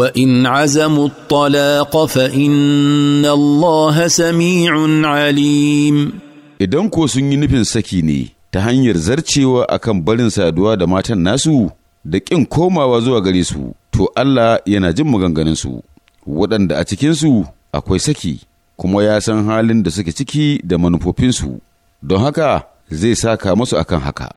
وان عزموا الطلاق فان الله سميع عليم idan ko sun yi nufin saki ne ta hanyar zarcewa akan barin saduwa da matan nasu da ƙin komawa zuwa gare su to Allah yana jin maganganunsu waɗanda a cikinsu akwai saki kuma ya san halin da suke ciki da manufofinsu don haka zai saka musu akan haka